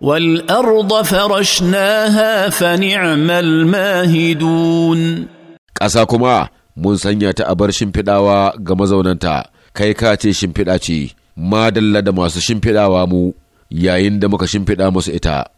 والأرض فرشناها فنعم الماهدون ƙasa kuma mun sanya ta a bar shimfiɗawa ga mazaunanta kai ka ce shimfiɗa ce madalla da masu shimfiɗawa mu yayin da muka shimfiɗa musu ita